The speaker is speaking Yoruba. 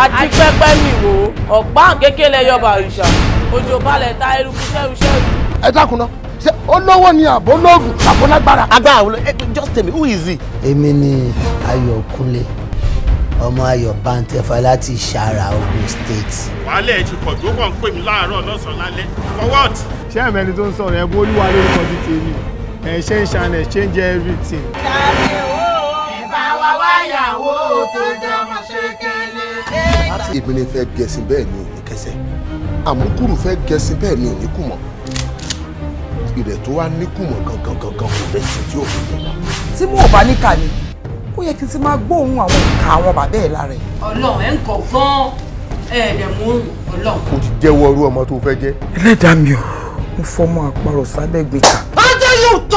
àti pẹ́pẹ́ nìwò ọ̀pá kékeré yọba òrìṣà òjò balẹ̀ ta eruku sẹ́rù sẹ́rù. ẹ dákun náà ṣe olówó ni àbó lóògùn àbó lágbára. agbára wọlé eh, just tell me who is he. èmi ni Ayọ̀kúnlé ọmọ Ayọ̀ Bántífà láti Ṣara Ogun State. wàhálà ẹ pọ̀ tó kàn ń pè mí láàárọ̀ lọ́sàn-án lálẹ́ for what. ṣé ẹ̀mọ ẹni tó ń sọ̀rọ̀ ẹ̀ bó olúwa lórúkọ ń ṣan ẹ̀ ṣe ń àti ìbìnrin fẹ́ gẹṣin bẹ́ẹ̀ ni òní kẹsẹ̀ àmúkúrú fẹ́ gẹṣin bẹ́ẹ̀ ni òní kùmọ̀ ìrẹ̀ tó wá ní kùmọ̀ gangan gangan kò lẹ́sìn tí ò fi tí mo bá níkà ni ó yẹ kí n ti máa gbóhùn àwọn ìka àwọn bàbá ẹ̀ lára ẹ̀. Ọlọ́run ẹ ń kọ gan ẹẹdẹ mú Ọlọ́run. o ti jẹ́wọ́ irú ọmọ tó fẹ́ jẹ́. ẹlẹ́dàá mi ò mo fọmọ àparò sábẹ́ gbé ta. ọjọ́ yóò